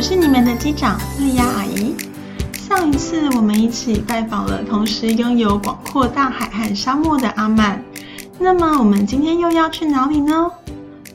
我是你們的機長莉亞阿姨。上一次我們一起拜訪了同時擁有廣闊大海和沙漠的阿曼，那麼我們今天又要去哪裡呢？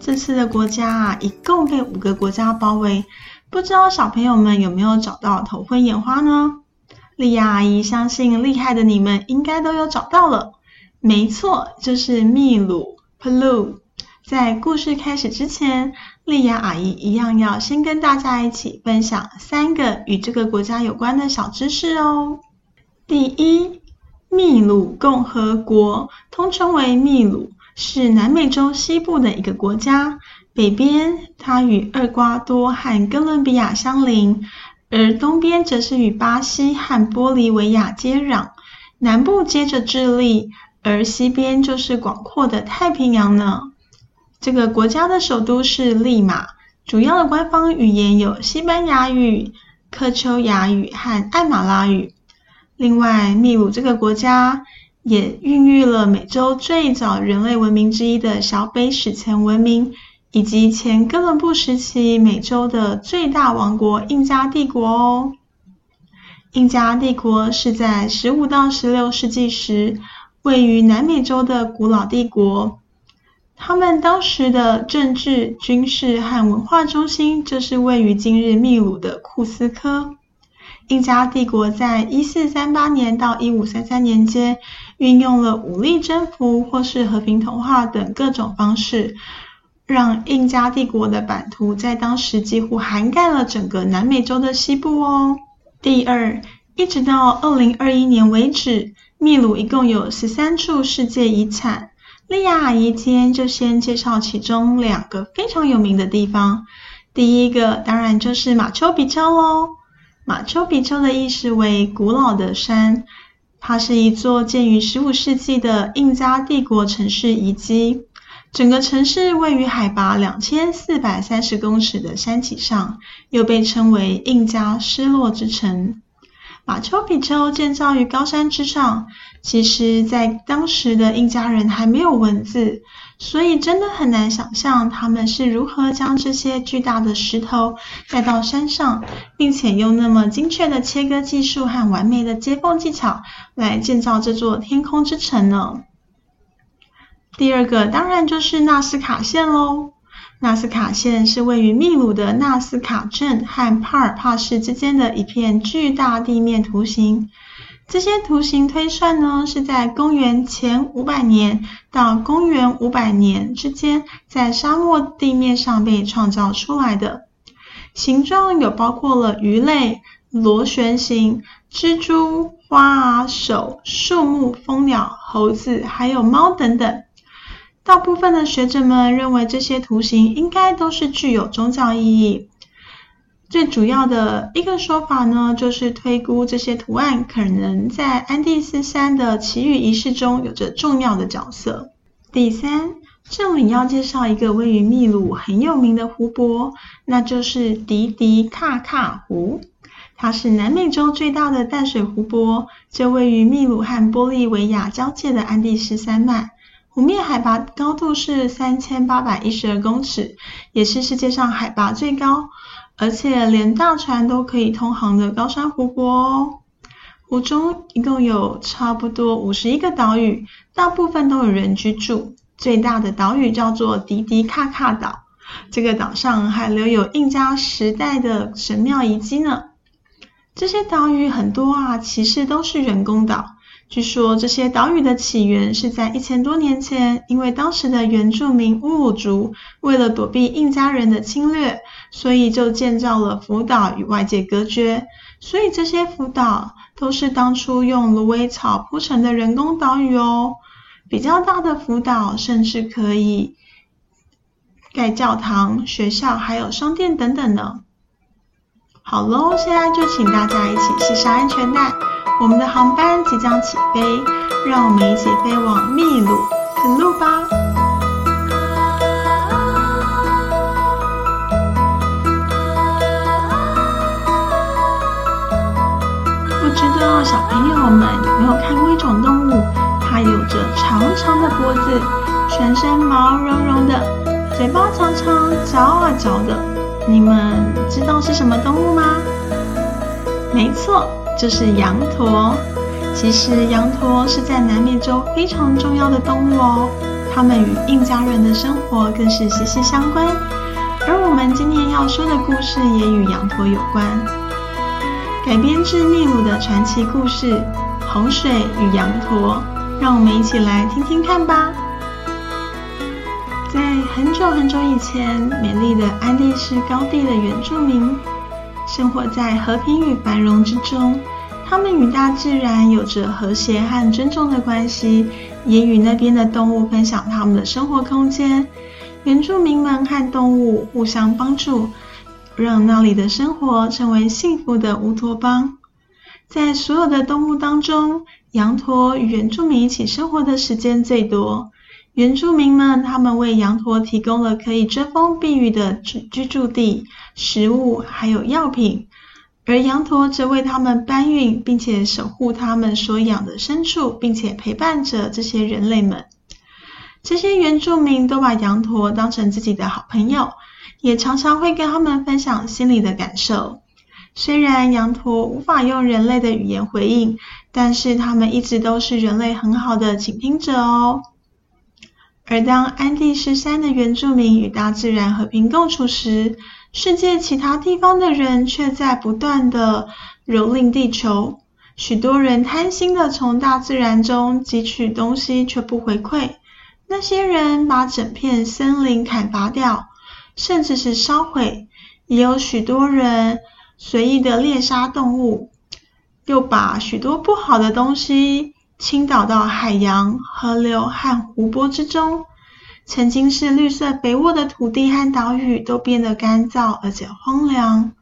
這次的國家啊，一共被五個國家包圍，不知道小朋友們有沒有找到頭昏眼花呢？莉亞阿姨相信厲害的你們應該都有找到了。沒錯，就是祕魯 Peru，在故事開始之前。莉亞阿姨一樣要先跟大家一起分享三個與這個國家有關的小知識哦。第一，秘魯共和國，通稱為秘魯，是南美洲西部的一個國家。北邊它與厄瓜多和哥倫比亞相鄰，而東邊則是與巴西和玻利維亞接壤，南部接着智利，而西邊就是廣闊的太平洋呢。這個國家的首都是利馬，主要的官方語言有西班牙語、克丘亞語和艾馬拉語。另外，秘魯這個國家也孕育了美洲最早人類文明之一的小北史前文明，以及前哥倫布時期美洲的最大王國印加帝國哦。印加帝國是在十五到十六世紀時，位於南美洲的古老帝國。他們當時的政治、軍事和文化中心，就是位於今日秘魯的庫斯科。印加帝國在1438年到1533年間，運用了武力征服或是和平同化等各種方式，讓印加帝國的版圖在當時幾乎涵蓋了整個南美洲的西部哦。第二，一直到2021年為止，秘魯一共有十三處世界遺產。莉亞阿姨今天就先介紹其中兩個非常有名的地方。第一個當然就是馬丘比丘嘍。馬丘比丘的意思為“古老的山”，它是一座建於15世紀的印加帝國城市遺跡。整個城市位於海拔2430公尺的山脊上，又被稱為“印加失落之城”。馬丘比丘建造於高山之上，其實，在當時的印加人還沒有文字，所以真的很難想象他們是如何將這些巨大的石頭帶到山上，並且用那麼精確的切割技術和完美的接縫技巧來建造這座天空之城呢？第二個當然就是納斯卡線嘍。納斯卡線是位於秘魯的納斯卡鎮和帕爾帕市之間的一片巨大地面圖形。這些圖形推算呢，是在公元前五百年到公元五百年之間，在沙漠地面上被創造出來的。形狀有包括了魚類、螺旋形、蜘蛛、花、手、樹木、蜂鳥、猴子，還有貓等等。大部分的學者們認為，這些圖形應該都是具有宗教意義。最主要的一個說法呢，就是推估這些圖案可能在安第斯山的祈雨儀式中有着重要的角色。第三，這裡要介紹一個位於秘魯很有名的湖泊，那就是的的喀喀湖。它是南美洲最大的淡水湖泊，這位於秘魯和玻利維亞交界的安第斯山脈。湖面海拔高度是三千八百一十二公尺，也是世界上海拔最高，而且連大船都可以通航的高山湖泊哦。湖中一共有差不多五十一個島嶼，大部分都有人居住。最大的島嶼叫做迪迪卡卡島，這個島上還留有印加時代的神廟遺跡呢。這些島嶼很多啊，其實都是人工島。據說這些島嶼的起源是在一千多年前，因為當時的原住民烏魯族為了躲避印加人的侵略，所以就建造了浮島與外界隔絕。所以這些浮島都是當初用蘆葦草鋪成的人工島嶼哦。比較大的浮島甚至可以蓋教堂、學校，還有商店等等呢。好嘍，現在就請大家一起繫上安全帶，我們的航班即將起飛，讓我們一起飛往秘魯、肯路吧。不知道小朋友們有沒有看過一種動物，它有着長長的脖子，全身毛茸茸的，嘴巴常常嚼啊嚼的。你們知道是什麼動物嗎？沒錯，就是羊駝。其實羊駝是在南美洲非常重要的動物哦，它們與印加人的生活更是息息相關。而我們今天要說的故事也與羊駝有關，改編自秘魯的傳奇故事《洪水與羊駝》，讓我們一起來聽聽看吧。很久很久以前，美麗的安第斯高地的原住民生活在和平與繁榮之中。他們與大自然有着和諧和尊重的關係，也與那邊的動物分享他們的生活空間。原住民們和動物互相幫助，讓那裡的生活成為幸福的烏托邦。在所有的動物當中，羊駝與原住民一起生活的時間最多。原住民們，他們為羊駝提供了可以遮風避雨的居住地、食物，還有藥品；而羊駝則為他們搬運，並且守護他們所養的牲畜，並且陪伴着這些人類們。這些原住民都把羊駝當成自己的好朋友，也常常會跟他們分享心裡的感受。雖然羊駝無法用人類的語言回應，但是他們一直都是人類很好的傾聽者哦。而當安第斯山的原住民與大自然和平共處時，世界其他地方的人卻在不斷地蹂躪地球。許多人貪心地從大自然中汲取東西，卻不回饋。那些人把整片森林砍伐掉，甚至是燒毀。也有許多人隨意地獵殺動物，又把許多不好的東西。傾倒到海洋、河流和湖泊之中，曾經是綠色肥沃的土地和島嶼，都變得乾燥而且荒涼。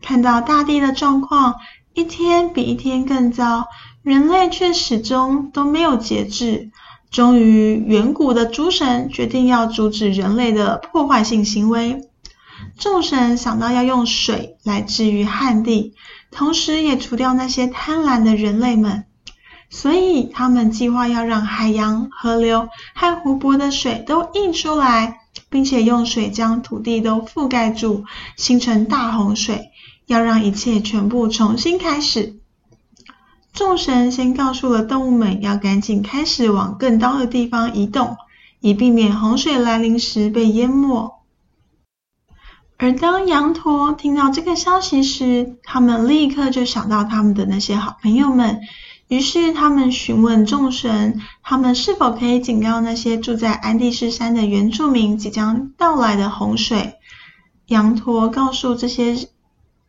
看到大地的狀況一天比一天更糟，人類卻始終都沒有節制。終於，遠古的諸神決定要阻止人類的破壞性行為。眾神想到要用水來治癒旱地，同時也除掉那些貪婪的人類們。所以他們計劃要讓海洋、河流和湖泊的水都溢出來，並且用水將土地都覆蓋住，形成大洪水，要讓一切全部重新開始。眾神先告訴了動物們，要趕緊開始往更高的地方移動，以避免洪水來臨時被淹沒。而當羊駝聽到這個消息時，他們立刻就想到他們的那些好朋友們。於是，他們詢問眾神，他們是否可以警告那些住在安第斯山的原住民即將到來的洪水。羊駝告訴這些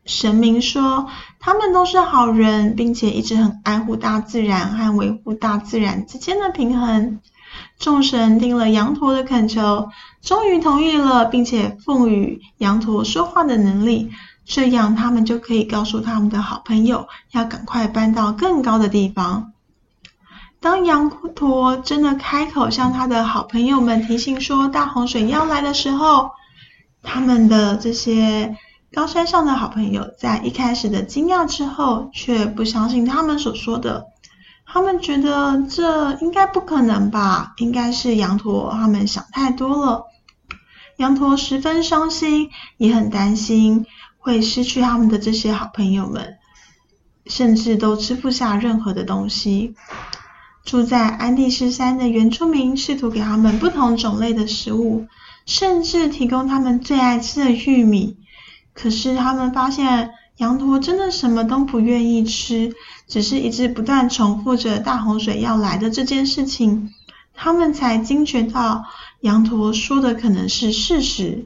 神明說，他們都是好人，並且一直很愛護大自然和維護大自然之間的平衡。眾神聽了羊駝的懇求，終於同意了，並且賦予羊駝說話的能力。這樣，他們就可以告訴他們的好朋友，要趕快搬到更高的地方。當羊駝真的開口向他的好朋友們提醒說大洪水要來的時候，他們的這些高山上的好朋友在一開始的驚訝之後，卻不相信他們所說的。他們覺得這應該不可能吧？應該是羊駝他們想太多了。羊駝十分傷心，也很擔心。會失去他們的這些好朋友們，甚至都吃不下任何的東西。住在安第斯山的原住民試圖給他們不同種類的食物，甚至提供他們最愛吃的玉米。可是他們發現羊駝真的什麼都不願意吃，只是一直不斷重複着大洪水要來的這件事情，他們才驚覺到羊駝說的可能是事實。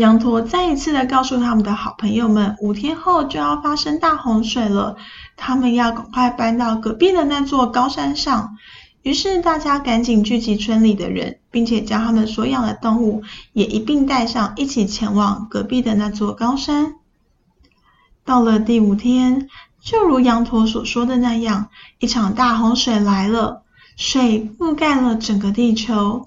羊駝再一次的告訴他們的好朋友們，五天後就要發生大洪水了，他們要趕快搬到隔壁的那座高山上。於是大家趕緊聚集村裡的人，並且將他們所養的動物也一併帶上，一起前往隔壁的那座高山。到了第五天，就如羊駝所說的那樣，一場大洪水來了，水覆蓋了整個地球。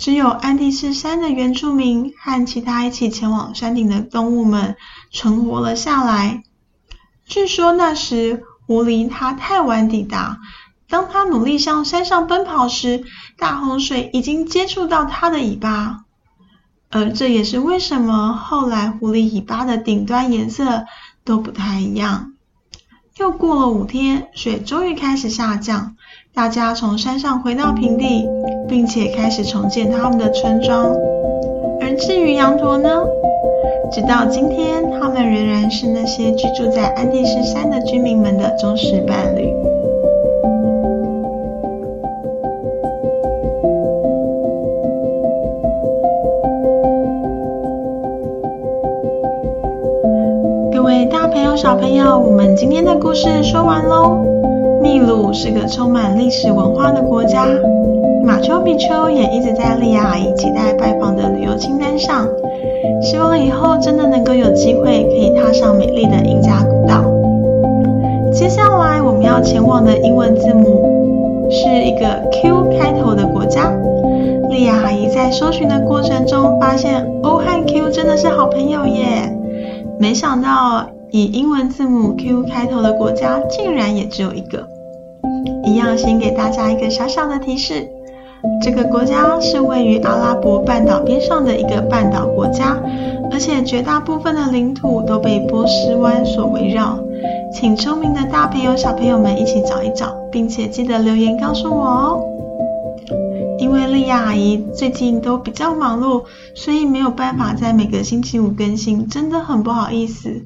只有安第斯山的原住民和其他一起前往山頂的動物們存活了下來。據說那時狐狸它太晚抵達，當它努力向山上奔跑時，大洪水已經接觸到它的尾巴。而這也是為什麼後來狐狸尾巴的頂端顏色都不太一樣。又過了五天，水終於開始下降。大家從山上回到平地，並且開始重建他們的村莊。而至於羊駝呢？直到今天，他們仍然是那些居住在安第斯山的居民們的忠實伴侶。各位大朋友、小朋友，我們今天的故事說完嘍。秘魯是個充滿歷史文化的國家，馬丘比丘也一直在利亞阿姨期待拜訪的旅遊清單上，希望以後真的能夠有機會可以踏上美麗的印加古道。接下來我們要前往的英文字母是一個 Q 開頭的國家，利亞阿姨在搜尋的過程中發現 O 和 Q 真的是好朋友耶，沒想到。以英文字母 Q 開頭的國家竟然也只有一個。一樣先給大家一個小小的提示，這個國家是位於阿拉伯半島邊上的一個半島國家，而且絕大部分的領土都被波斯灣所圍繞。請聰明的大朋友、小朋友們一起找一找，並且記得留言告訴我哦。因為莉亞阿姨最近都比較忙碌，所以沒有辦法在每個星期五更新，真的很不好意思。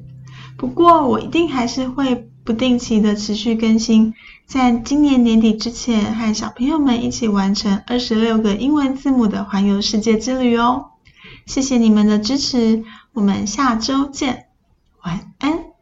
不過，我一定還是會不定期的持續更新，在今年年底之前，和小朋友們一起完成二十六個英文字母的環遊世界之旅哦。謝謝你們的支持，我們下周見，晚安。